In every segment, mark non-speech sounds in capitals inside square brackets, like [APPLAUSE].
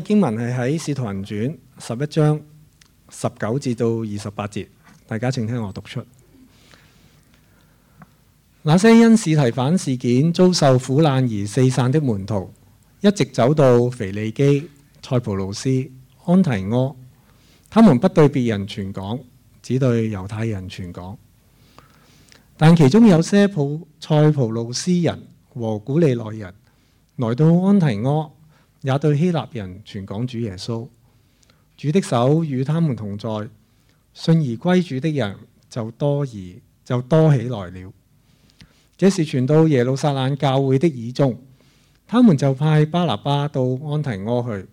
經文係喺《使徒行傳》十一章十九節到二十八節，大家請聽我讀出。那些因司提反事件遭受苦難而四散的門徒，一直走到腓尼基、塞浦路斯、安提阿，他們不對別人傳講，只對猶太人傳講。但其中有些普塞浦路斯人和古利奈人來到安提阿。也對希臘人傳講主耶穌，主的手與他們同在，信而歸主的人就多而就多起來了。這是傳到耶路撒冷教會的耳中，他們就派巴拿巴到安提阿去。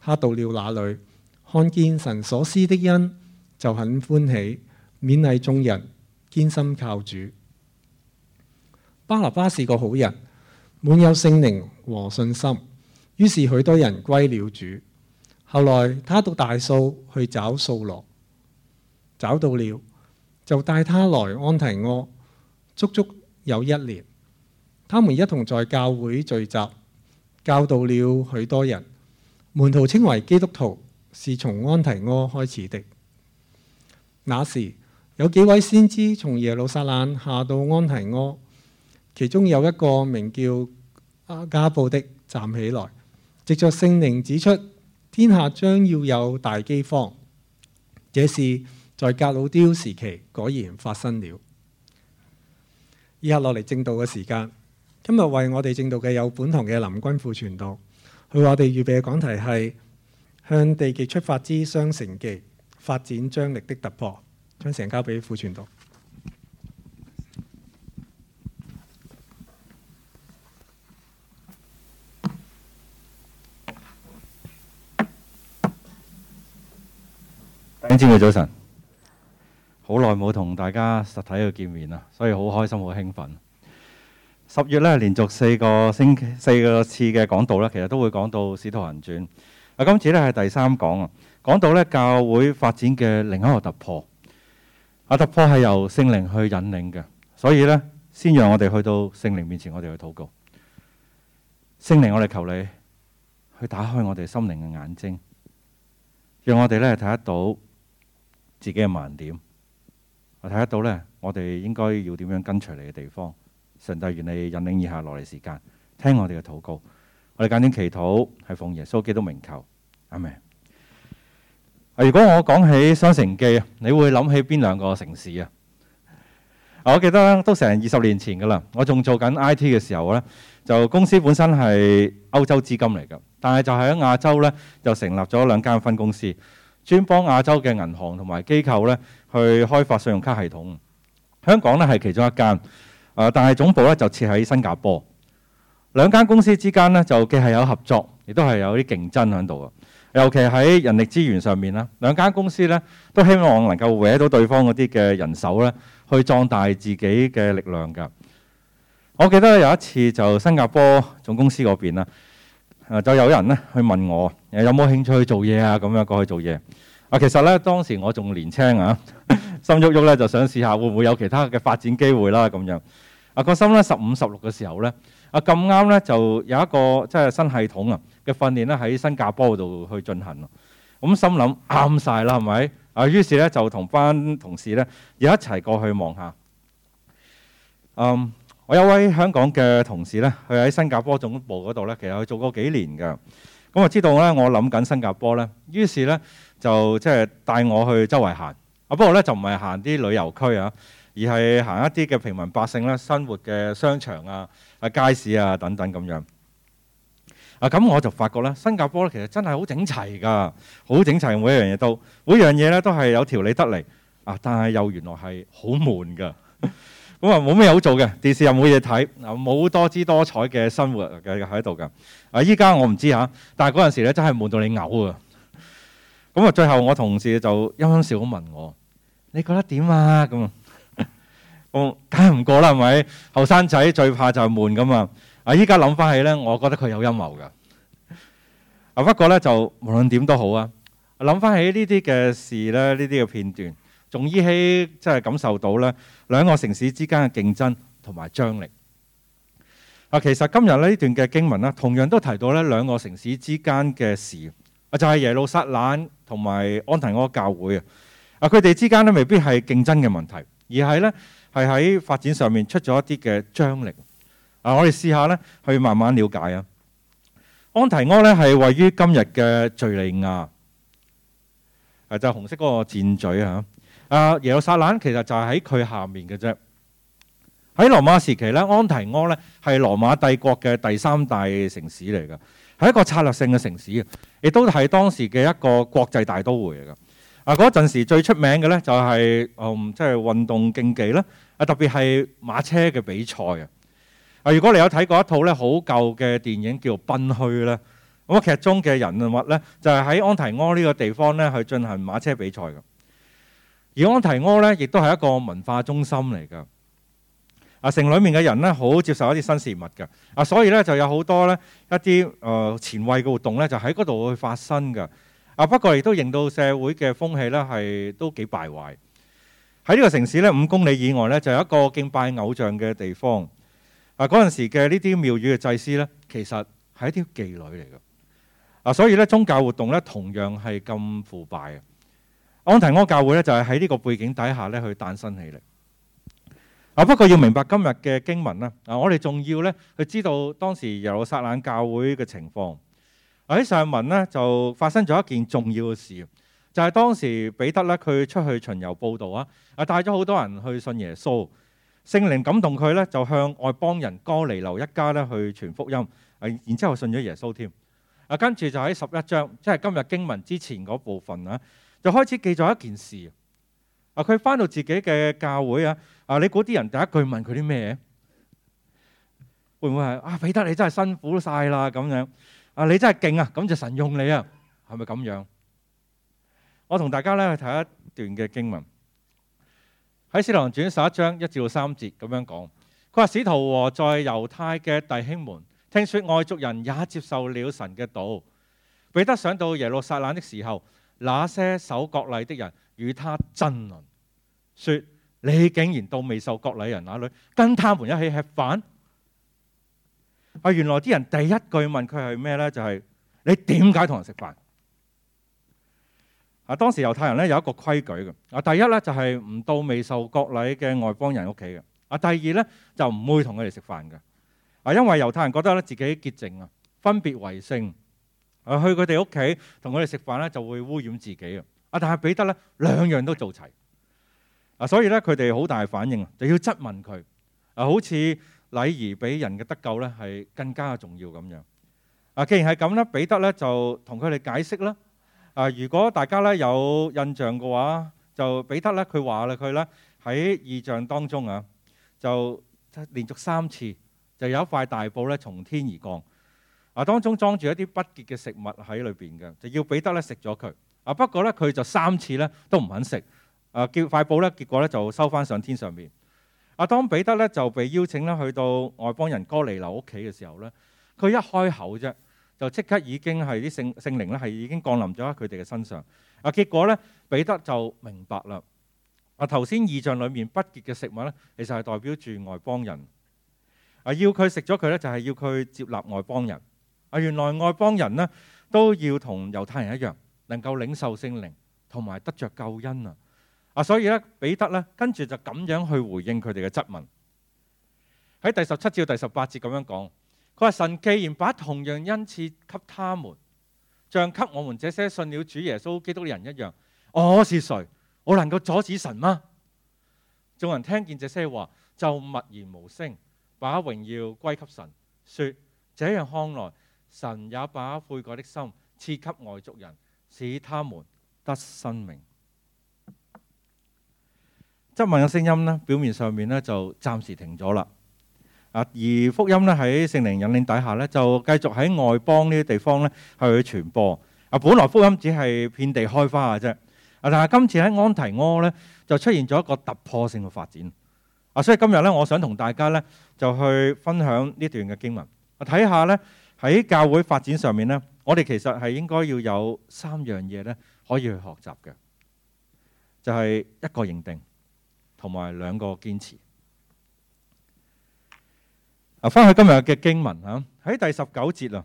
他到了那裏，看見神所施的恩，就很歡喜，勉勵眾人，堅心靠主。巴拿巴是個好人，滿有聖靈和信心。於是許多人歸了主。後來他到大數去找掃羅，找到了就帶他來安提阿。足足有一年。他們一同在教會聚集，教導了許多人，門徒稱為基督徒，是從安提阿開始的。那時有幾位先知從耶路撒冷下到安提阿，其中有一個名叫阿加布的站起來。直着聖靈指出，天下將要有大饑荒，這是在格魯雕時期果然發生了。以下落嚟正道嘅時間，今日為我哋正道嘅有本堂嘅林君富傳道，佢話我哋預備嘅講題係向地極出發之雙城記發展張力的突破，將成交俾富傳道。聽眾們早晨，好耐冇同大家實體嘅見面啦，所以好開心、好興奮。十月咧，連續四個星期，四個次嘅講道啦，其實都會講到《使徒行傳》。啊，今次咧係第三講啊，講到咧教會發展嘅另一個突破。啊，突破係由聖靈去引領嘅，所以咧先讓我哋去到聖靈面前，我哋去禱告。聖靈，我哋求你去打開我哋心靈嘅眼睛，讓我哋咧睇得到自己嘅盲點，我睇得到咧。我哋應該要點樣跟隨你嘅地方？上帝願你引領以下落嚟時間，聽我哋嘅禱告，我哋簡短祈禱，係奉耶穌基督名求，阿門。啊，如果我講起雙城記啊，你會諗起邊兩個城市啊？啊，我記得咧，都成二十年前噶啦。我仲做緊 IT 嘅時候咧，就公司本身係歐洲資金嚟噶，但係就喺亞洲咧，就成立咗兩間分公司。專幫亞洲嘅銀行同埋機構咧去開發信用卡系統，香港咧係其中一間，誒，但係總部咧就設喺新加坡。兩間公司之間咧就既係有合作，亦都係有啲競爭喺度嘅。尤其喺人力資源上面啦，兩間公司咧都希望能夠搲到對方嗰啲嘅人手咧，去壯大自己嘅力量㗎。我記得有一次就新加坡總公司嗰邊啦。啊！就有人咧去問我，誒有冇興趣去做嘢啊？咁樣過去做嘢。啊，其實咧當時我仲年青啊，心喐喐咧就想試下會唔會有其他嘅發展機會啦。咁樣啊，個心咧十五十六嘅時候咧，啊咁啱咧就有一個即係新系統啊嘅訓練咧喺新加坡度去進行。咁心諗啱晒啦，係咪啊？於是咧就同班同事咧又一齊過去望下。嗯。我有位香港嘅同事呢，佢喺新加坡總部嗰度呢，其實佢做過幾年㗎，咁我知道呢，我諗緊新加坡呢，於是呢，就即係帶我去周圍行。啊，不過呢，就唔係行啲旅遊區啊，而係行一啲嘅平民百姓啦、生活嘅商場啊、啊街市啊等等咁樣。啊，咁我就發覺呢，新加坡其實真係好整齊㗎，好整齊每件事，每一樣嘢都，每樣嘢呢都係有條理得嚟啊，但係又原來係好悶㗎。 [LAUGHS] 咁啊，冇咩嘢好做嘅，電視又冇嘢睇，啊冇多姿多彩嘅生活嘅喺度噶。啊，依家我唔知吓，但係嗰陣時咧真係悶到你嘔啊！咁啊，最後我同事就陰陰笑咁問我：你覺得點啊？咁，我梗唔過啦，係咪？後生仔最怕就係悶噶嘛。啊，依家諗翻起咧，我覺得佢有陰謀㗎。啊，不過咧就無論點都好啊。諗翻起呢啲嘅事咧，呢啲嘅片段。仲依稀，即係感受到咧兩個城市之間嘅競爭同埋張力。啊，其實今日呢段嘅經文咧，同樣都提到咧兩個城市之間嘅事啊，就係耶路撒冷同埋安提阿教會啊。啊，佢哋之間咧未必係競爭嘅問題，而係呢係喺發展上面出咗一啲嘅張力。啊，我哋試下呢去慢慢了解啊。安提阿呢係位於今日嘅敍利亞啊，就紅色嗰個箭嘴啊。啊！耶路撒冷其實就係喺佢下面嘅啫。喺羅馬時期咧，安提阿呢係羅馬帝國嘅第三大城市嚟噶，係一個策略性嘅城市亦都係當時嘅一個國際大都會嚟噶。啊，嗰陣時最出名嘅呢就係嗯，即係運動競技啦，啊，特別係馬車嘅比賽啊。啊，如果你有睇過一套咧好舊嘅電影叫做《賓虛》咧，咁劇中嘅人物呢，就係喺安提阿呢個地方呢去進行馬車比賽嘅。而安提阿呢，亦都係一個文化中心嚟㗎。啊，城裏面嘅人呢，好接受一啲新事物㗎。啊，所以呢，就有好多呢一啲誒、呃、前衛嘅活動呢，就喺嗰度會發生㗎。啊，不過亦都令到社會嘅風氣呢，係都幾敗壞。喺呢個城市呢，五公里以外呢，就有一個敬拜偶像嘅地方。啊，嗰陣時嘅呢啲廟宇嘅祭司呢，其實係一啲妓女嚟㗎。啊，所以呢，宗教活動呢，同樣係咁腐敗嘅。安提阿教會咧就係喺呢個背景底下咧去誕生起嚟。啊，不過要明白今日嘅經文啦，啊，我哋仲要咧去知道當時耶路撒冷教會嘅情況。喺上文咧就發生咗一件重要嘅事，就係當時彼得咧佢出去巡遊佈道啊，啊，帶咗好多人去信耶穌，聖靈感動佢咧就向外邦人哥尼流一家咧去傳福音，啊，然之後信咗耶穌添。啊，跟住就喺十一章，即係今日經文之前嗰部分啊。就開始記咗一件事啊，佢翻到自己嘅教會啊啊，你估啲人第一句問佢啲咩？會唔會係啊彼得，你真係辛苦晒啦，咁樣啊你真係勁啊！咁就神用你啊！係咪咁樣？我同大家咧去睇一段嘅經文喺《使徒行傳》十一章一至到三節咁樣講。佢話使徒和在猶太嘅弟兄們聽說外族人也接受了神嘅道。彼得上到耶路撒冷的時候。那些守國禮的人與他爭論，說：你竟然到未受國禮人那裏，跟他們一起吃飯？啊，原來啲人第一句問佢係咩呢？就係，是，你點解同人食飯？啊，當時猶太人咧有一個規矩嘅。啊，第一呢，就係唔到未受國禮嘅外邦人屋企嘅。啊，第二呢，就唔會同佢哋食飯嘅。啊，因為猶太人覺得咧自己潔淨啊，分別為聖。啊，去佢哋屋企同佢哋食飯咧，就會污染自己啊！啊，但係彼得咧，兩樣都做齊啊，所以咧，佢哋好大反應啊，就要質問佢啊，好似禮儀比人嘅得救咧，係更加重要咁樣啊。既然係咁啦，彼得咧就同佢哋解釋啦啊。如果大家咧有印象嘅話，就彼得咧，佢話啦，佢咧喺異象當中啊，就連續三次就有一塊大布咧從天而降。嗱，當中裝住一啲不潔嘅食物喺裏邊嘅，就要彼得咧食咗佢。啊，不過咧佢就三次咧都唔肯食。啊，叫塊布咧，結果咧就收翻上天上面。啊，當彼得咧就被邀請咧去到外邦人哥尼流屋企嘅時候咧，佢一開口啫，就即刻已經係啲聖聖靈咧係已經降臨咗喺佢哋嘅身上。啊，結果咧彼得就明白啦。啊，頭先異象裏面不潔嘅食物咧，其實係代表住外邦人。啊，要佢食咗佢咧，就係要佢接納外邦人。原來外邦人呢都要同猶太人一樣，能夠領受聖靈，同埋得着救恩啊！啊，所以咧，彼得咧跟住就咁樣去回應佢哋嘅質問，喺第十七至到第十八節咁樣講，佢話神既然把同樣恩賜給他們，像給我們這些信了主耶穌基督嘅人一樣，我、哦、是誰？我能夠阻止神嗎？眾人聽見這些話，就默然無聲，把榮耀歸給神，說：這樣看來。神也把悔改的心賜給外族人，使他們得生命。質問嘅聲音咧，表面上面咧就暫時停咗啦。而福音咧喺聖靈引領底下咧，就繼續喺外邦呢啲地方咧去傳播。啊,本來福音只係遍地開花嘅啫。啊，但係今次喺安提阿咧就出現咗一個突破性嘅發展。啊，所以今日咧，我想同大家咧就去分享呢段嘅經文。啊，睇下咧。喺教會發展上面呢，我哋其實係應該要有三樣嘢呢，可以去學習嘅，就係一個認定，同埋兩個堅持。啊，翻去今日嘅經文啊，喺第十九節啊，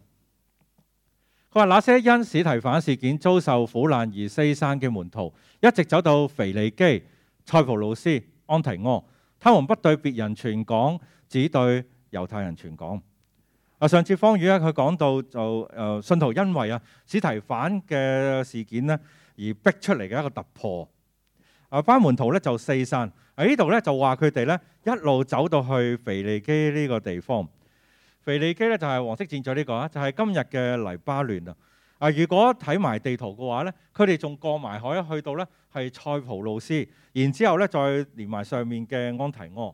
佢話那些因史提反事件遭受苦難而西山嘅門徒，一直走到腓尼基、塞浦路斯、安提阿，他們不對別人傳講，只對猶太人傳講。啊！上次方宇咧，佢講到就誒信徒因為啊史提反嘅事件咧而逼出嚟嘅一個突破啊！班門徒呢就四散啊！呢度呢就話佢哋呢一路走到去腓尼基呢個地方。腓尼基呢就係黃色戰彩呢個啊，就係今日嘅黎巴嫩啊！啊，如果睇埋地圖嘅話呢，佢哋仲過埋海去到呢係塞浦路斯，然之後呢再連埋上，上面嘅安提阿。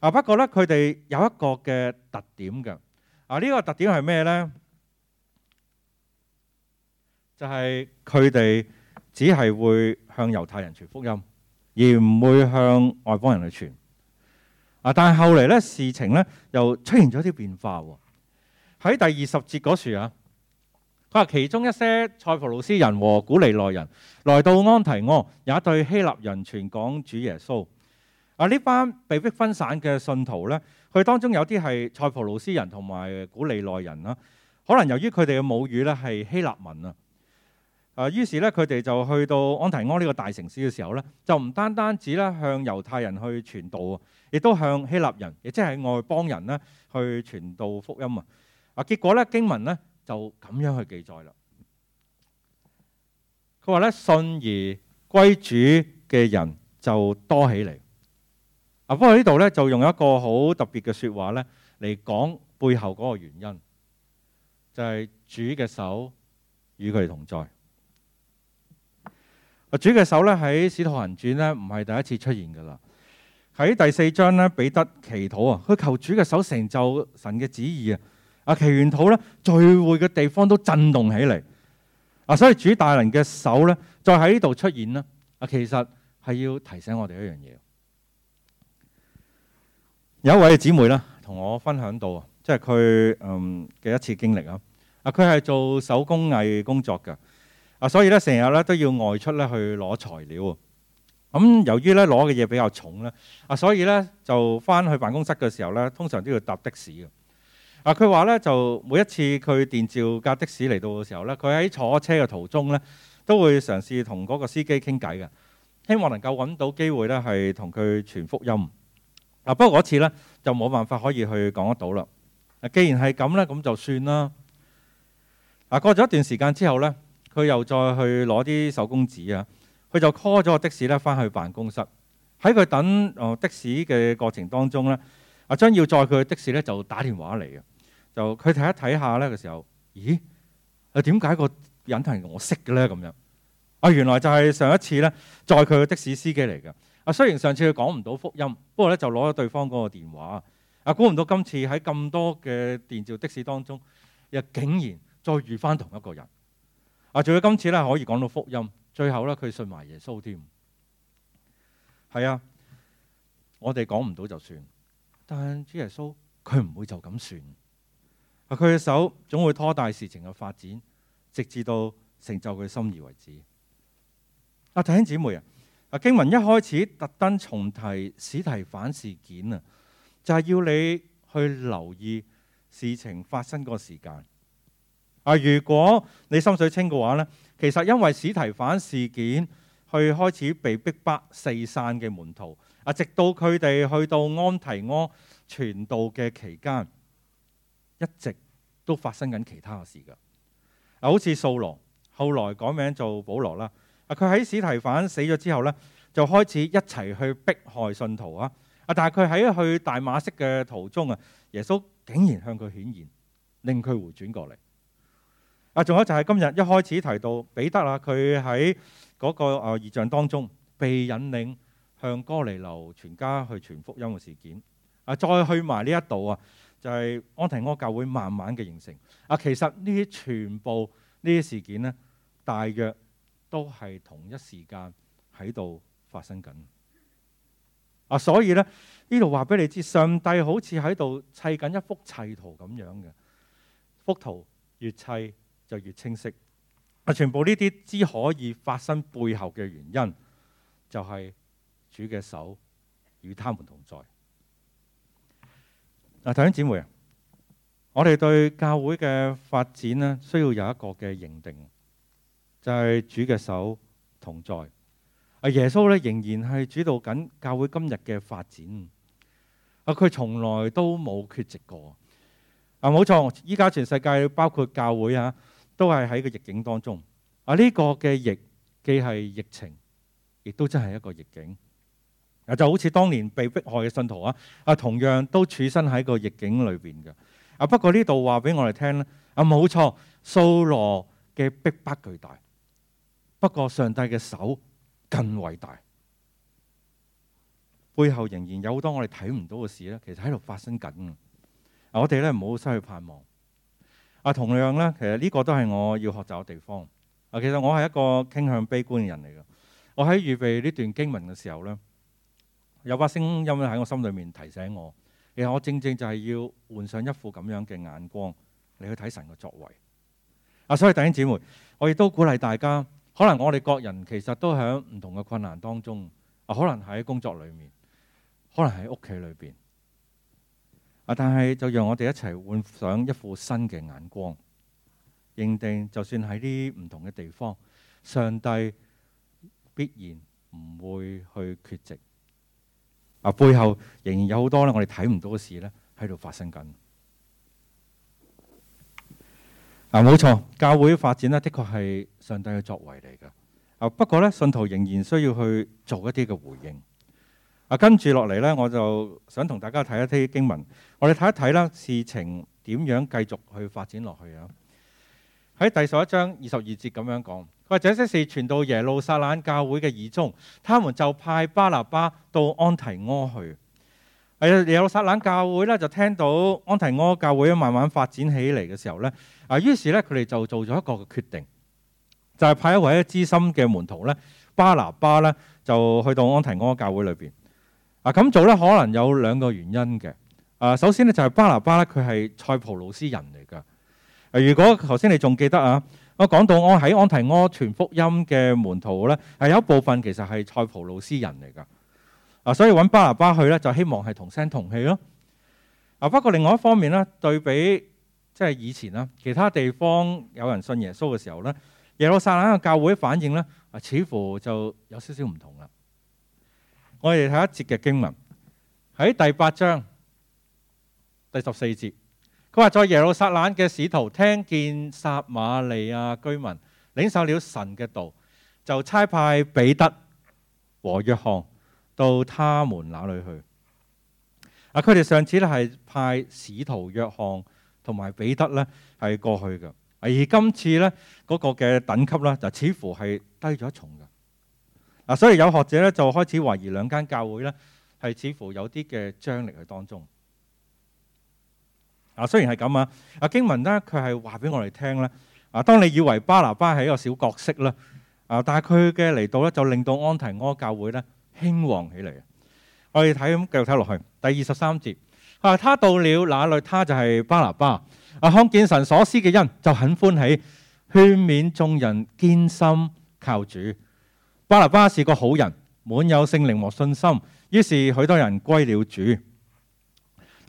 啊。不過呢，佢哋有一個嘅特點㗎。啊！呢、這個特點係咩呢？就係佢哋只係會向猶太人傳福音，而唔會向外邦人去傳。啊！但係後嚟咧，事情咧又出現咗啲變化喎。喺第二十節嗰時啊，佢話其中一些塞浦路斯人和古利奈人來到安提阿，也對希臘人傳講主耶穌。嗱，呢班被逼分散嘅信徒呢，佢當中有啲係塞浦路斯人同埋古利奈人啦。可能由於佢哋嘅母語呢係希臘文啊，於是呢，佢哋就去到安提阿呢個大城市嘅時候呢，就唔單單止咧向猶太人去傳道啊，亦都向希臘人，亦即係外邦人呢去傳道福音啊。啊，結果呢，經文呢就咁樣去記載啦。佢話呢，信而歸主嘅人就多起嚟。啊！不過呢度呢，就用一個好特別嘅説話呢嚟講背後嗰個原因，就係主嘅手與佢哋同在。主嘅手咧喺《使徒行傳》呢，唔係第一次出現噶啦。喺第四章呢，彼得祈禱啊，佢求主嘅手成就神嘅旨意啊。啊！祈完禱呢，聚會嘅地方都震動起嚟啊！所以主大能嘅手呢，再喺呢度出現啦。啊，其實係要提醒我哋一樣嘢。有一位姊妹咧，同我分享到，即係佢嗯嘅一次經歷啊。啊，佢係做手工藝工作㗎，啊，所以咧成日咧都要外出咧去攞材料。咁由於咧攞嘅嘢比較重咧，啊，所以咧就翻去辦公室嘅時候咧，通常都要搭的士嘅。啊，佢話咧就每一次佢電召架的士嚟到嘅時候咧，佢喺坐車嘅途中咧都會嘗試同嗰個司機傾偈嘅，希望能夠揾到機會咧係同佢傳福音。嗱，不過嗰次咧就冇辦法可以去講得到啦。啊，既然係咁咧，咁就算啦。啊，過咗一段時間之後咧，佢又再去攞啲手工紙啊，佢就 call 咗個的士咧返去辦公室。喺佢等哦的士嘅過程當中咧，將要載佢嘅的，的士咧就打電話嚟嘅，就佢睇一睇下咧嘅時候，咦？啊，點解個人係我識嘅咧？咁樣啊，原來就係上一次咧載佢嘅的，的士司機嚟嘅。啊，雖然上次佢講唔到福音，不過咧就攞咗對方嗰個電話。啊，估唔到今次喺咁多嘅電召的士當中，又竟然再遇翻同一個人。啊，仲有今次咧可以講到福音，最後咧佢信埋耶穌添。係啊，我哋講唔到就算，但主耶穌佢唔會就咁算。啊，佢嘅手總會拖大事情嘅發展，直至到成就佢心意為止。阿弟兄姊妹啊！啊，經文一開始特登重提史提反事件啊，就係、是、要你去留意事情發生個時間。啊，如果你心水清嘅話咧，其實因為史提反事件去開始被逼迫四散嘅門徒啊，直到佢哋去到安提阿傳道嘅期間，一直都發生緊其他嘅事㗎。好似掃羅後來改名做保羅啦。啊！佢喺史提反死咗之後呢，就開始一齊去迫害信徒啊！啊！但係佢喺去大馬色嘅途中啊，耶穌竟然向佢顯現，令佢回轉過嚟。啊！仲有就係今日一開始提到彼得啊，佢喺嗰個啊異象當中被引領向哥尼流全家去傳福音嘅事件啊！再去埋呢一度啊，就係、是、安提阿教會慢慢嘅形成。啊！其實呢啲全部呢啲事件呢，大約～都係同一時間喺度發生緊啊！所以咧，呢度話俾你知，上帝好似喺度砌緊一幅砌圖咁樣嘅。幅圖越砌就越清晰啊！全部呢啲只可以發生背後嘅原因，就係主嘅手與他們同在。啊，弟兄姊妹啊，我哋對教會嘅發展咧，需要有一個嘅認定。就係、是、主嘅手同在啊！耶穌咧仍然係主導緊教會今日嘅發展啊！佢從來都冇缺席過啊！冇錯，依家全世界包括教會啊，都係喺個逆境當中啊！呢、這個嘅疫，既係疫情，亦都真係一個逆境啊！就好似當年被迫害嘅信徒啊啊，同樣都處身喺個逆境裏邊嘅啊。不過呢度話俾我哋聽咧啊，冇錯，掃羅嘅逼迫巨大。不過，上帝嘅手更偉大，背後仍然有好多我哋睇唔到嘅事咧。其實喺度發生緊啊！我哋咧唔好失去盼望啊。同樣咧，其實呢個都係我要學習嘅地方啊。其實我係一個傾向悲觀嘅人嚟嘅。我喺預備呢段經文嘅時候咧，有把聲音喺我心裡面提醒我，其實我正正就係要換上一副咁樣嘅眼光，你去睇神嘅作為啊。所以弟兄姊妹，我亦都鼓勵大家。可能我哋各人其實都喺唔同嘅困難當中，啊，可能喺工作裏面，可能喺屋企裏邊，啊，但係就讓我哋一齊換上一副新嘅眼光，認定就算喺啲唔同嘅地方，上帝必然唔會去缺席，啊，背後仍然有好多咧我哋睇唔到嘅事咧喺度發生緊。嗱，冇錯，教會嘅發展呢，的確係上帝嘅作為嚟噶。啊，不過呢，信徒仍然需要去做一啲嘅回應。啊，跟住落嚟呢，我就想同大家睇一啲經文，我哋睇一睇啦，事情點樣繼續去發展落去啊？喺第十一章二十二節咁樣講，或者一些事傳到耶路撒冷教會嘅耳中，他們就派巴拿巴到安提阿去。係啊，耶路撒冷教會咧就聽到安提阿教會慢慢發展起嚟嘅時候咧，啊，於是咧佢哋就做咗一個決定，就係派一位資深嘅門徒咧巴拿巴咧就去到安提阿教會裏邊。啊，咁做咧可能有兩個原因嘅。啊，首先咧就係巴拿巴咧佢係塞浦路斯人嚟㗎。如果頭先你仲記得啊，我講到我喺安提阿傳福音嘅門徒咧，係有一部分其實係塞浦路斯人嚟㗎。啊，所以揾巴拿巴去呢，就希望係同聲同氣咯。啊，不過另外一方面呢，對比即係以前啦，其他地方有人信耶穌嘅時候呢，耶路撒冷嘅教會反應呢，啊，似乎就有少少唔同啦。我哋睇一節嘅經文，喺第八章第十四節，佢話在耶路撒冷嘅使徒聽見撒瑪利亞居民領受了神嘅道，就差派彼得和約翰。到他們那裏去。啊，佢哋上次咧係派使徒約翰同埋彼得咧係過去噶，而今次咧嗰個嘅等級咧就似乎係低咗一重噶。嗱，所以有學者咧就開始懷疑兩間教會咧係似乎有啲嘅張力喺當中。啊，雖然係咁啊，啊經文咧佢係話俾我哋聽咧，啊當你以為巴拿巴係一個小角色啦，啊但係佢嘅嚟到咧就令到安提阿教會咧。興旺起，嚟我哋睇，咁繼續睇落去，第二十三節啊，他到了那裡？他就係巴拿巴。看見神所施嘅恩，就很歡喜，勸勉眾人堅心靠主。巴拿巴是個好人，滿有聖靈和信心，於是許多人歸了主。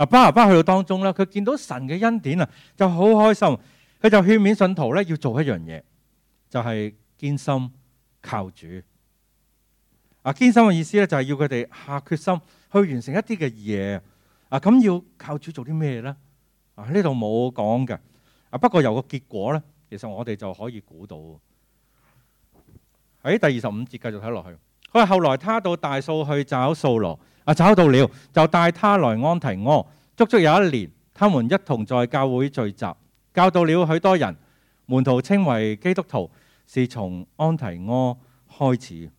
巴拿巴去到當中啦，佢見到神嘅恩典啊，就好開心，佢就勸勉信徒咧，要做一樣嘢，就係堅心靠主。啊，堅心嘅意思咧，就係要佢哋下決心去完成一啲嘅嘢。啊，咁要靠主做啲咩呢？啊，呢度冇講嘅。啊，不過有個結果呢，其實我哋就可以估到喺、哎、第二十五節繼續睇落去。佢話後來他到大數去找掃羅，啊，找到了就帶他來安提阿。足足有一年，他們一同在教會聚集，教到了許多人，門徒稱為基督徒，是從安提阿開始。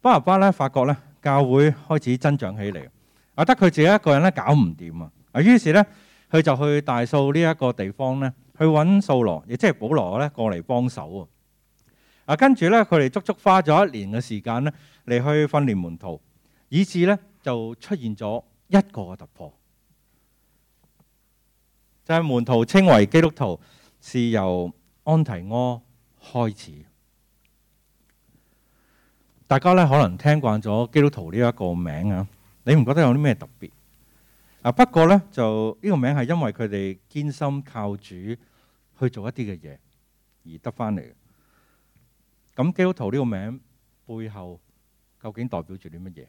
巴拿巴咧，發覺咧，教會開始增長起嚟，啊，得佢自己一個人咧，搞唔掂啊，啊，於是咧，佢就去大數呢一個地方咧，去揾掃羅，亦即係保羅咧，過嚟幫手啊，啊，跟住咧，佢哋足足花咗一年嘅時間咧，嚟去訓練門徒，以至咧就出現咗一個突破，就係、是、門徒稱為基督徒，是由安提阿開始。大家咧可能聽慣咗基督徒呢一個名啊，你唔覺得有啲咩特別？不過呢，就、這、呢個名係因為佢哋堅心靠主去做一啲嘅嘢而得翻嚟。咁基督徒呢個名字背後究竟代表住啲乜嘢？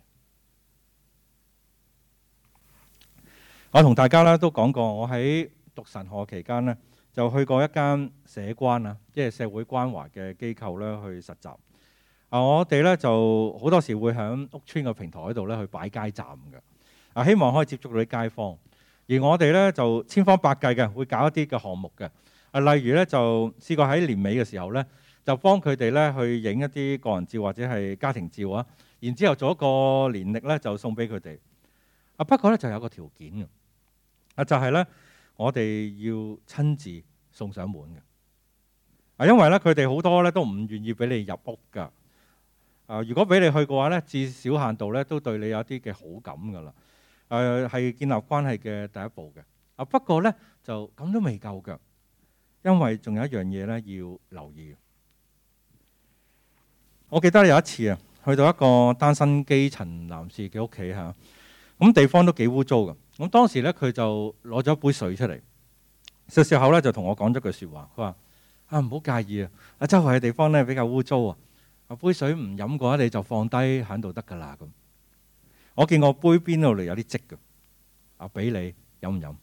我同大家咧都講過，我喺讀神學期間咧就去過一間社關啊，即係社會關懷嘅機構咧去實習。啊！我哋咧就好多時會喺屋村嘅平台度咧去擺街站嘅啊，希望可以接觸到啲街坊。而我哋咧就千方百計嘅會搞一啲嘅項目嘅啊，例如咧就試過喺年尾嘅時候咧就幫佢哋咧去影一啲個人照或者係家庭照啊，然之後做一個年歷咧就送俾佢哋啊。不過咧就有個條件嘅啊，就係咧我哋要親自送上門嘅啊，因為咧佢哋好多咧都唔願意俾你入屋㗎。啊，如果俾你去嘅話呢，至少限度咧都對你有一啲嘅好感噶啦。誒，係建立關係嘅第一步嘅。啊，不過呢，就咁都未夠嘅，因為仲有一樣嘢呢，要留意。我記得有一次啊，去到一個單身基層男士嘅屋企嚇，咁地方都幾污糟嘅。咁當時呢，佢就攞咗一杯水出嚟，笑笑口呢，就同我講咗句説話，佢話：啊，唔好介意啊，啊周圍嘅地方呢，比較污糟啊。啊杯水唔飲嘅話，你就放低喺度得噶啦，咁，我見個杯邊度嚟有啲積嘅，啊俾你飲唔飲？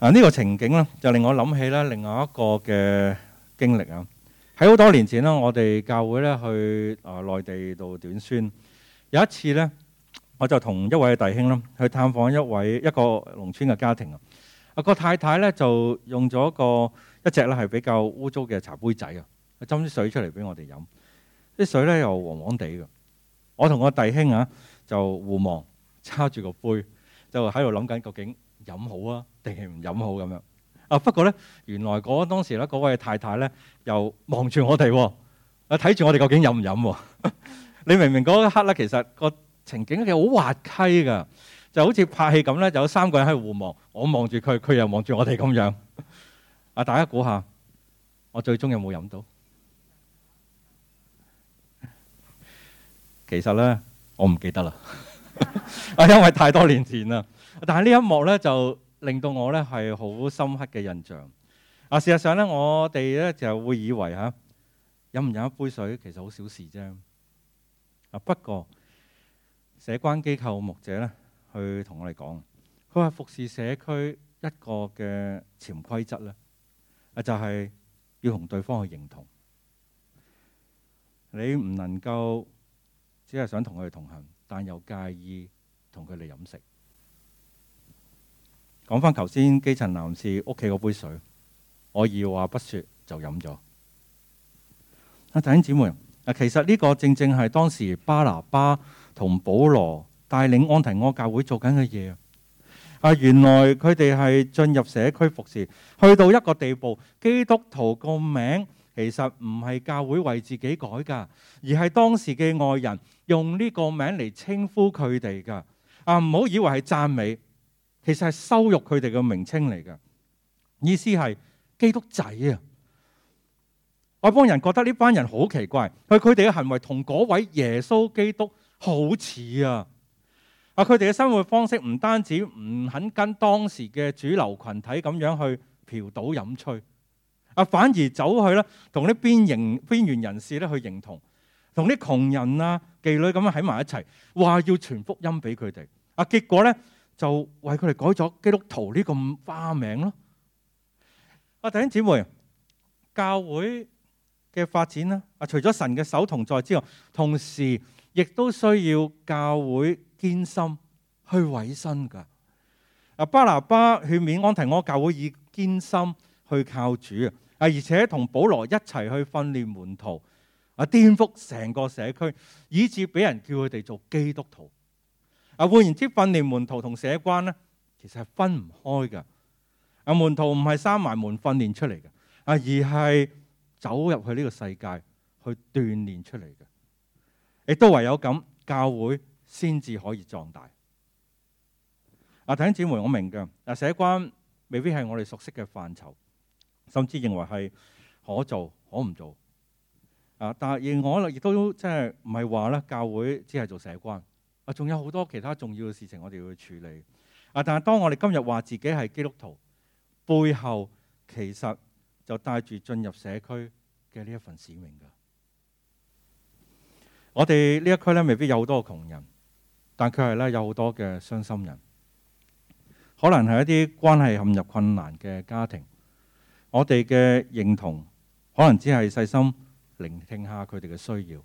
啊呢個情景咧，就令我諗起咧另外一個嘅經歷啊。喺好多年前咧，我哋教會咧去啊內地度短宣，有一次咧，我就同一位弟兄咧去探訪一位一個農村嘅家庭啊。啊個太太咧就用咗個，一隻咧係比較污糟嘅茶杯仔啊，斟啲水出嚟俾我哋飲。啲水咧又黃黃地嘅。我同我弟兄啊就互望，叉住個杯，就喺度諗緊究竟飲好啊定係唔飲好咁樣。啊不過咧，原來嗰當時咧嗰位太太咧又望住我哋，啊睇住我哋究竟飲唔飲。你明唔明嗰一刻咧，其實個情景係好滑稽㗎，就好似拍戲咁咧，有三個人喺度互望，我望住佢，佢又望住我哋咁樣。啊！大家估下，我最終有冇飲到？其實咧，我唔記得啦。啊， [LAUGHS] [LAUGHS] 因為太多年前啦。但係呢一幕咧，就令到我咧係好深刻嘅印象。啊，事實上咧，我哋咧就會以為吓，飲唔飲一杯水其實好小事啫。啊，不過社關機構牧者咧，去同我哋講，佢話服侍社區一個嘅潛規則咧。啊，就係要同對方去認同。你唔能夠只係想同佢哋同行，但又介意同佢哋飲食。講翻頭先，基層男士屋企嗰杯水，我二話不說就飲咗。啊，弟兄姊妹，啊，其實呢個正正係當時巴拿巴同保羅帶領安提阿教會做緊嘅嘢。啊！原來佢哋係進入社區服侍，去到一個地步，基督徒個名其實唔係教會為自己改㗎，而係當時嘅外人用呢個名嚟稱呼佢哋㗎。啊！唔好以為係讚美，其實係羞辱佢哋嘅名稱嚟㗎。意思係基督仔啊，外邦人覺得呢班人好奇怪，佢佢哋嘅行為同嗰位耶穌基督好似啊。啊！佢哋嘅生活方式唔單止唔肯跟當時嘅主流羣體咁樣去嫖賭飲吹，啊，反而走去咧同啲邊形邊緣人士咧去認同，同啲窮人啊妓女咁樣喺埋一齊，話要傳福音俾佢哋。啊，結果咧就為佢哋改咗基督徒呢個花名咯。啊，弟兄姊妹，教會嘅發展啦，啊，除咗神嘅手同在之外，同時亦都需要教會。堅心去委身噶。阿巴拿巴去勉安提阿教會以堅心去靠主啊，而且同保羅一齊去訓練門徒啊，顛覆成個社區，以致俾人叫佢哋做基督徒啊。換言之，訓練門徒同社關咧，其實係分唔開噶。阿門徒唔係閂埋門訓練出嚟嘅啊，而係走入去呢個世界去鍛煉出嚟嘅，亦都唯有咁教會。先至可以壯大。啊，弟兄姊妹，我明嘅。啊，社關未必係我哋熟悉嘅範疇，甚至認為係可做可唔做。啊，但係而我亦都真係唔係話咧，教會只係做社關。啊，仲有好多其他重要嘅事情我哋要去處理。啊，但係當我哋今日話自己係基督徒，背後其實就帶住進入社區嘅呢一份使命㗎。我哋呢一區咧，未必有好多窮人。但卻係咧，有好多嘅傷心人，可能係一啲關係陷入困難嘅家庭，我哋嘅認同可能只係細心聆聽下佢哋嘅需要，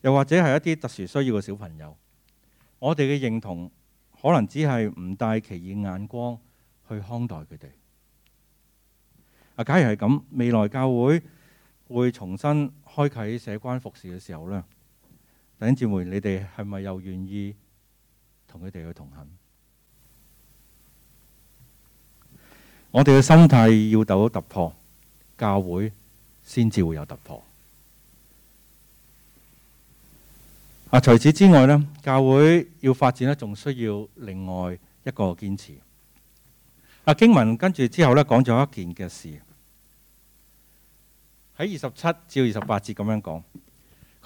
又或者係一啲特殊需要嘅小朋友，我哋嘅認同可能只係唔帶歧異眼光去看待佢哋。啊，假如係咁，未來教會會重新開啓社關服侍嘅時候咧？弟兄姊妹，你哋係咪又願意同佢哋去同行？我哋嘅心態要到突破，教會先至會有突破。啊，除此之外咧，教會要發展咧，仲需要另外一個堅持。啊，經文跟住之後咧，講咗一件嘅事，喺二十七至二十八節咁樣講。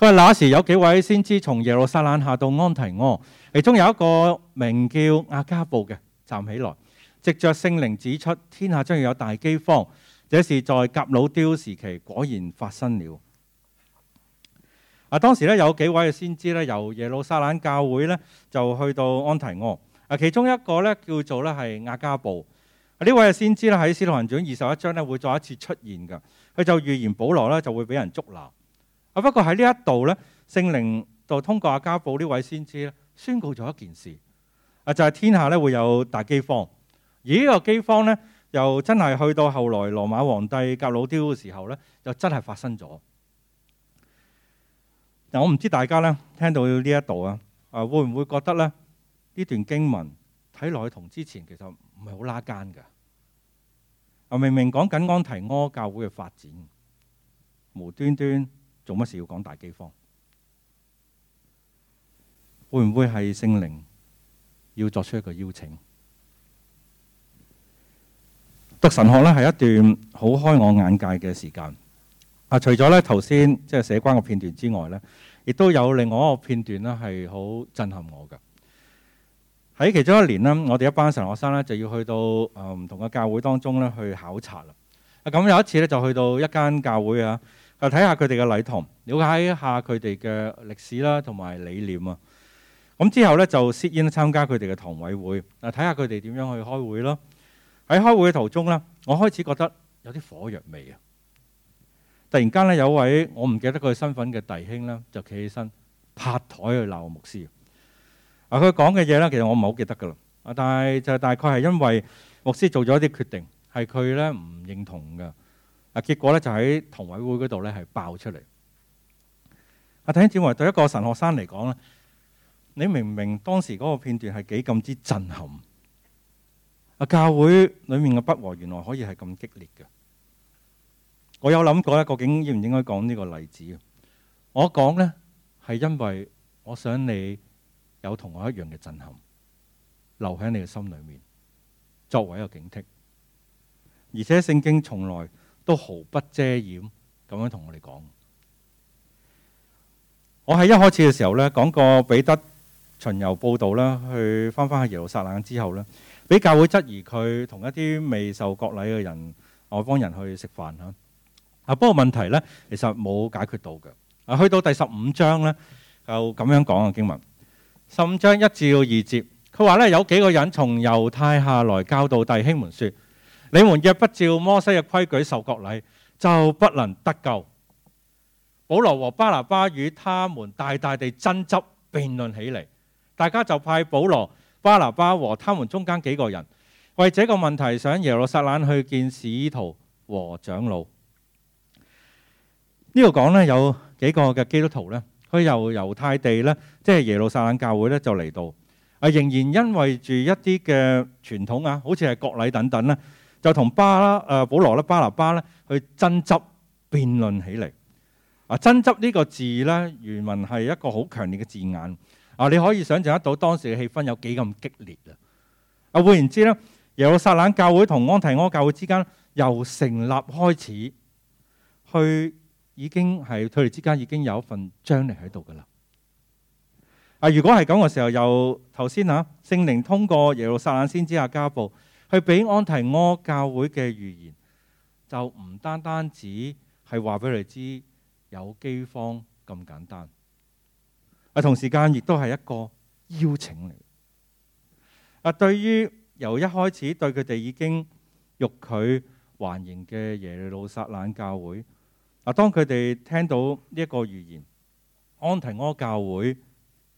嗱，那時有幾位先知從耶路撒冷下到安提阿，其中有一個名叫亞加布嘅站起來，藉着聖靈指出天下將要有大饑荒，這是在革老丟時期果然發生了。啊，當時咧有幾位嘅先知咧由耶路撒冷教會咧就去到安提阿，啊，其中一個咧叫做咧係亞加布，呢位嘅先知咧喺使徒行傳二十一章咧會再一次出現嘅，佢就預言保羅咧就會俾人捉拿。啊！不過喺呢一度咧，聖靈就通過阿加布呢位先知咧，宣告咗一件事啊，就係、是、天下咧會有大饑荒。而呢個饑荒咧，又真係去到後來羅馬皇帝革老丟嘅時候咧，就真係發生咗。嗱，我唔知大家咧聽到呢一度啊，啊會唔會覺得咧呢段經文睇來同之前其實唔係好拉間㗎？啊，明明講緊安提阿教會嘅發展，無端端～做乜事要講大饑荒？會唔會係聖靈要作出一個邀請？讀神學咧係一段好開我眼界嘅時間。啊，除咗咧頭先即係寫關嘅片段之外咧，亦都有另外一個片段咧係好震撼我噶。喺其中一年呢，我哋一班神學生咧就要去到唔同嘅教會當中咧去考察啦。咁有一次咧就去到一間教會啊。啊！睇下佢哋嘅禮堂，了解一下佢哋嘅歷史啦，同埋理念啊。咁之後呢，就試音參加佢哋嘅堂委會啊，睇下佢哋點樣去開會咯。喺開會嘅途中呢，我開始覺得有啲火藥味啊。突然間呢，有位我唔記得佢身份嘅弟兄呢，就企起身拍台去鬧牧師啊！佢講嘅嘢呢，其實我唔係好記得㗎啦啊，但係就大概係因為牧師做咗一啲決定係佢呢唔認同㗎。啊！結果咧就喺同委會嗰度咧係爆出嚟。阿弟兄姊妹，對一個神學生嚟講咧，你明唔明當時嗰個片段係幾咁之震撼。啊，教會裡面嘅不和原來可以係咁激烈嘅。我有諗過咧，究竟應唔應該講呢個例子？我講咧係因為我想你有同我一樣嘅震撼，留喺你嘅心裡面，作為一個警惕。而且聖經從來。都毫不遮掩咁樣同我哋講。我喺一開始嘅時候呢，講過彼得巡遊報道啦，去返返去耶路撒冷之後呢，俾教會質疑佢同一啲未受割禮嘅人、外邦人去食飯吓。啊，不過問題呢，其實冇解決到嘅。啊，去到第十五章呢，就咁樣講嘅經文。十五章一至到二節，佢話呢，有幾個人從猶太下來，教導弟兄們說你們若不照摩西嘅規矩受國禮，就不能得救。保羅和巴拿巴與他們大大地爭執辯論起嚟，大家就派保羅、巴拿巴和他們中間幾個人，為這個問題上耶路撒冷去見使徒和長老。呢度講呢，有幾個嘅基督徒呢，佢由猶太地呢，即係耶路撒冷教會呢，就嚟到，啊，仍然因為住一啲嘅傳統啊，好似係國禮等等呢就同巴啦誒、呃、保羅咧、巴拿巴咧去爭執辯論起嚟。啊，爭執呢個字呢，原文係一個好強烈嘅字眼。啊，你可以想象得到當時嘅氣氛有幾咁激烈啊！啊，換言之咧，耶路撒冷教會同安提阿教會之間由成立開始，佢已經係佢哋之間已經有一份張力喺度㗎啦。啊，如果係咁嘅時候，由頭先吓聖靈通過耶路撒冷先知亞加布。去俾安提阿教會嘅預言，就唔單單止係話俾你知有饑荒咁簡單。啊，同時間亦都係一個邀請嚟。啊，對於由一開始對佢哋已經欲拒還迎嘅耶路撒冷教會，啊，當佢哋聽到呢一個預言，安提阿教會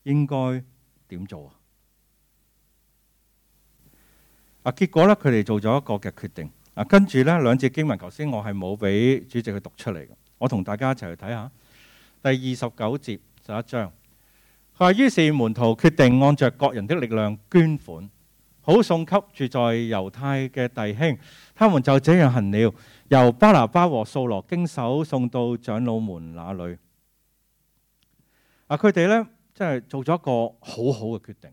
應該點做啊？啊！結果咧，佢哋做咗一個嘅決定。啊，跟住呢兩節經文，頭先我係冇俾主席去讀出嚟嘅。我同大家一齊去睇下第二十九節十一章。佢話：於是門徒決定按着各人的力量捐款，好送給住在猶太嘅弟兄。他們就這樣行了，由巴拿巴和掃羅經手送到長老們那裡。啊！佢哋呢，即係做咗一個好好嘅決定。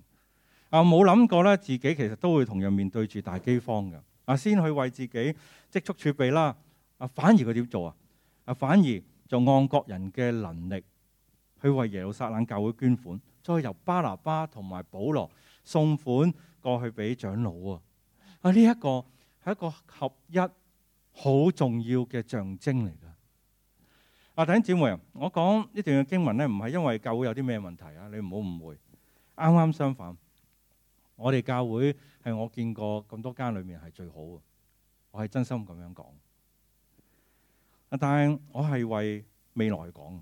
啊！冇諗過咧，自己其實都會同樣面對住大饑荒嘅啊。先去為自己積蓄儲備啦。啊，反而佢點做啊？啊，反而就按各人嘅能力去為耶路撒冷教會捐款，再由巴拿巴同埋保羅送款過去俾長老啊。啊，呢一個係一個合一好重要嘅象徵嚟噶。啊，等陣，姐妹啊，我講呢段嘅經文咧，唔係因為教會有啲咩問題啊，你唔好誤會。啱啱相反。我哋教會係我見過咁多間裏面係最好嘅，我係真心咁樣講。但係我係為未來講。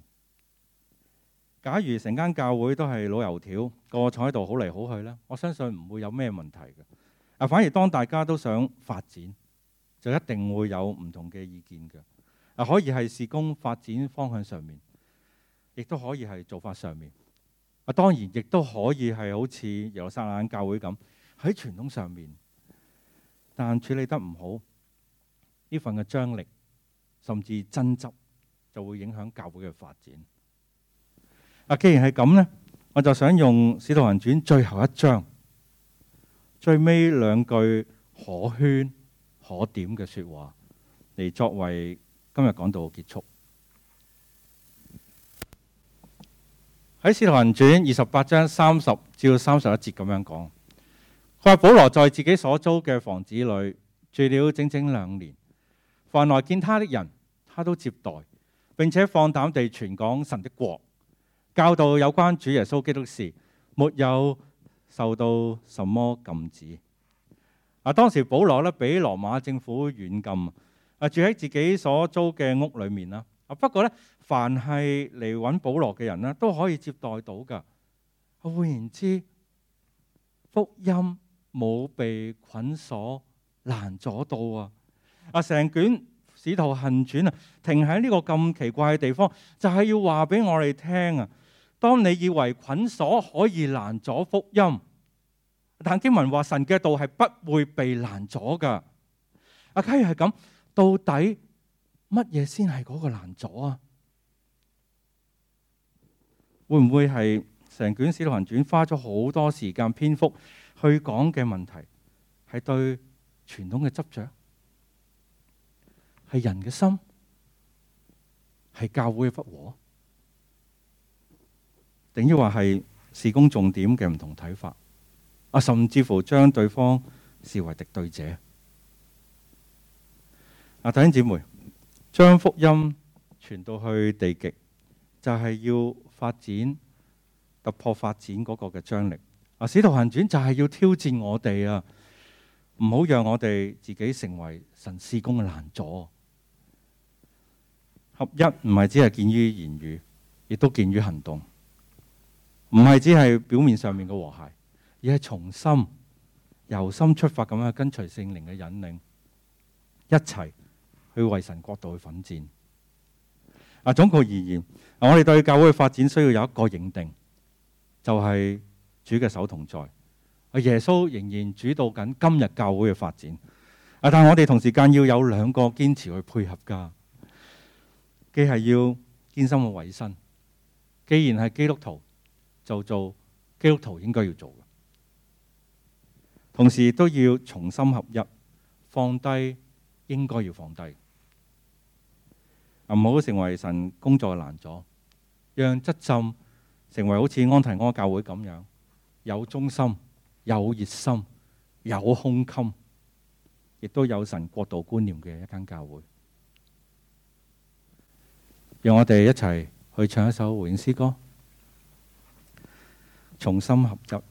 假如成間教會都係老油條，個坐喺度好嚟，好去呢，我相信唔會有咩問題嘅。啊，反而當大家都想發展，就一定會有唔同嘅意見嘅。啊，可以係事工發展方向上面，亦都可以係做法上面。啊，當然亦都可以係好似耶路撒冷教會咁喺傳統上面，但處理得唔好，呢份嘅張力甚至爭執就會影響教會嘅發展。啊，既然係咁呢，我就想用《史徒行傳》最後一章最尾兩句可圈可點嘅説話嚟作為今日講到的結束。喺《使徒行傳》二十八章三十至到三十一節咁樣講，佢話，保羅在自己所租嘅房子裏住了整整兩年，凡來見他的人，他都接待，並且放膽地傳講神的國，教導有關主耶穌基督事，沒有受到什麼禁止。啊，當時保羅呢，俾羅馬政府軟禁，啊住喺自己所租嘅屋裏面啦。啊！不過咧，凡係嚟搵保羅嘅人咧，都可以接待到㗎。換言之，福音冇被捆鎖難阻到啊！啊，成卷使徒行傳啊，停喺呢個咁奇怪嘅地方，就係、是、要話俾我哋聽啊！當你以為捆鎖可以難阻福音，但經文話神嘅道係不會被難阻㗎。啊，假如係咁，到底？乜嘢先係嗰個難阻啊？會唔會係成卷《史路行傳》花咗好多時間篇幅去講嘅問題，係對傳統嘅執着，係人嘅心，係教會嘅復和，定於話係事工重點嘅唔同睇法啊，甚至乎將對方視為敵對者啊，弟兄姐妹。將福音傳到去地極，就係、是、要發展、突破發展嗰個嘅張力。啊，使徒行傳就係要挑戰我哋啊，唔好讓我哋自己成為神事工嘅難阻。合一唔係只係見於言語，亦都見於行動，唔係只係表面上面嘅和諧，而係從心由心出發咁樣跟隨聖靈嘅引領，一齊。去為神國度去奮戰。啊，總括而言，我哋對教會嘅發展需要有一個認定，就係主嘅手同在。啊，耶穌仍然主導緊今日教會嘅發展。啊，但係我哋同時間要有兩個堅持去配合噶既係要堅心去委身，既然係基督徒，就做基督徒應該要做嘅。同時都要重新合一，放低應該要放低。唔好成為神工作嘅難阻，讓執浸成為好似安提阿教會咁樣，有忠心、有熱心、有胸襟，亦都有神國度觀念嘅一間教會。讓我哋一齊去唱一首回應詩歌，重新合入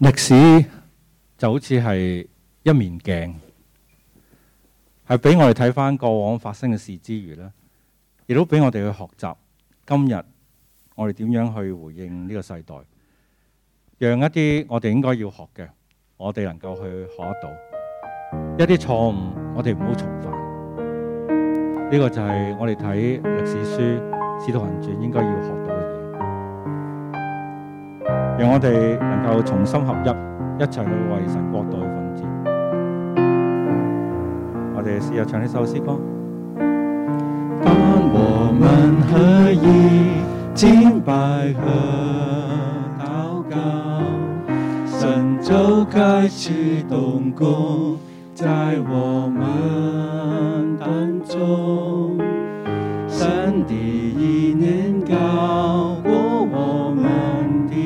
歷史，就好似係一面鏡。係俾我哋睇返過往發生嘅事之餘呢，亦都俾我哋去學習今日我哋點樣去回應呢個世代，讓一啲我哋應該要學嘅，我哋能夠去學得到；一啲錯誤我不要重返，我哋唔好重犯。呢個就係我哋睇歷史書《使徒行傳》應該要學到嘅嘢，讓我哋能夠重新合一，一齊去為神國代。我哋試下唱呢首詩歌。當我們合一敬拜和禱告，神就開始動工在我們當中。神的意念高過我們的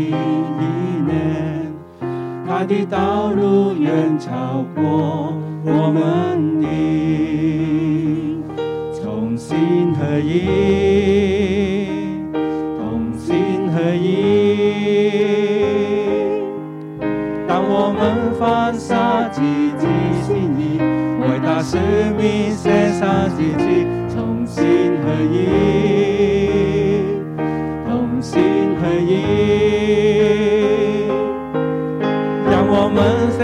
意念，他的道路遠超過，我們的同心合一，同心合一。當我們放下自己心意，寺寺寺寺，為大使命獻上自己，同心合一。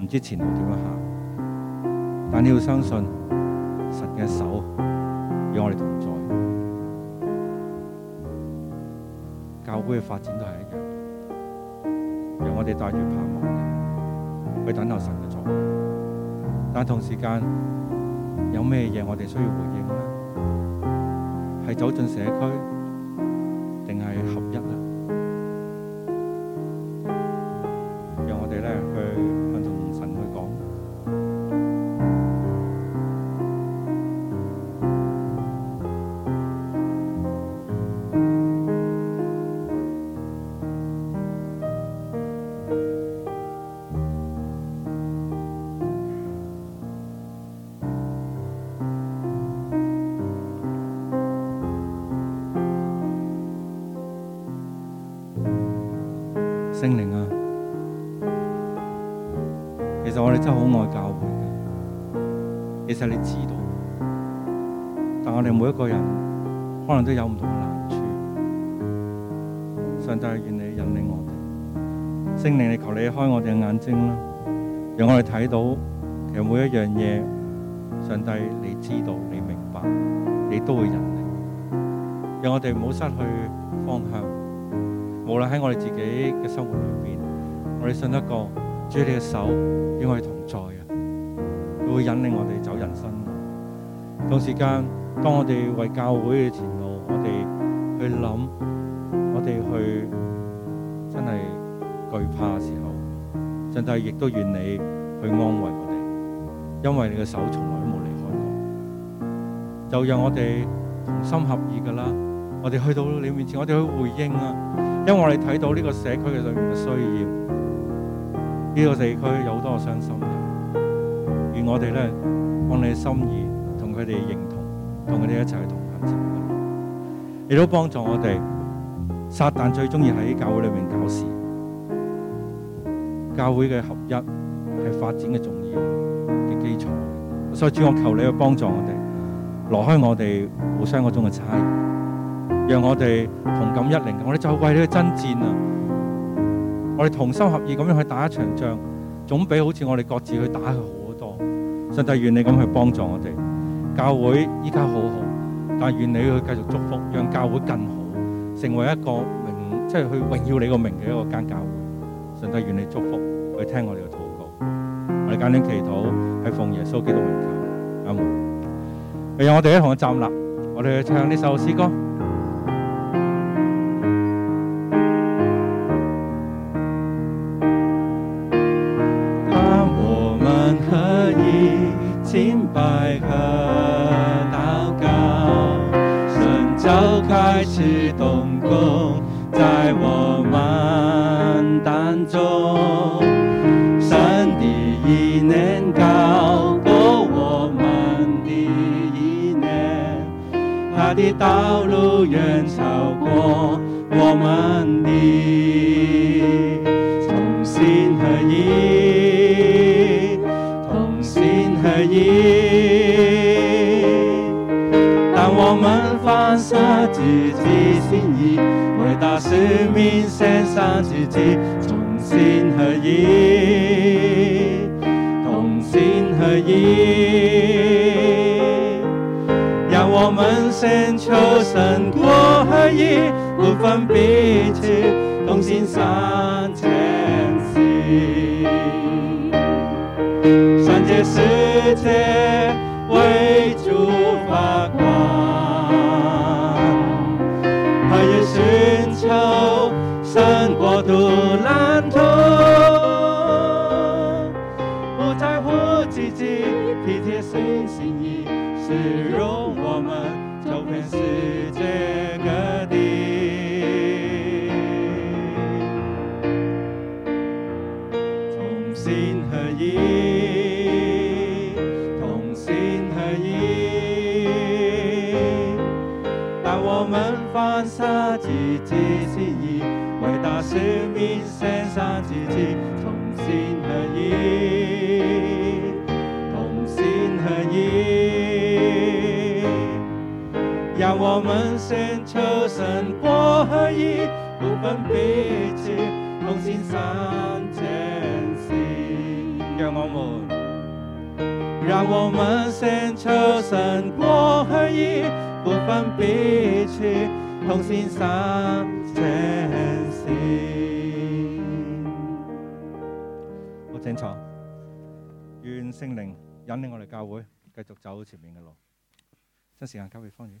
唔知道前路點樣行，但你要相信神嘅手與我哋同在。教會嘅發展都係一樣，讓我哋帶住盼望去等候神嘅作為。但同時間有咩嘢我哋需要回應呢？係走進社區。其實你知道，但我哋每一個人可能都有唔同嘅難處。上帝願你引領我哋，聖靈你求你開我哋嘅眼睛啦，讓我哋睇到其實每一樣嘢，上帝你知道、你明白、你都會引領，讓我哋唔好失去方向。無論喺我哋自己嘅生活裏邊，我哋信得過主你的，你嘅手與我哋同在嘅。會引領我哋走人生路，同時間，當我哋為教會嘅前路，我哋去諗，我哋去真係懼怕嘅時候，上帝亦都願你去安慰我哋，因為你嘅手從來都冇離開過。就讓我哋同心合意噶啦，我哋去到你面前，我哋去回應啊，因為我哋睇到呢個社區嘅裏面嘅需要，呢個地區有好多傷心。我哋咧，幫嘅你心意同佢哋認同，同佢哋一齊去同行之路。亦都幫助我哋。撒但最中意喺教會裏面搞事。教會嘅合一係發展嘅重要嘅基礎。所以主，我求你去幫助我哋，挪開我哋互相嗰種嘅猜疑，讓我哋同感一靈。我哋就為呢個爭戰啊！我哋同心合意咁樣去打一場仗，總比好似我哋各自去打嘅好。上帝願你咁去幫助我哋教會依家好好，但願你去繼續祝福，讓教會更好，成為一個榮，即係去榮耀你個名嘅一個間教會。上帝願你祝福，去聽我哋嘅禱告，我哋簡短祈禱，係奉耶穌基督名求阿。阿門。嚟，我哋一同一站立，我哋去唱呢首詩歌。教會繼續走到前面嘅路，將時間交俾方宇。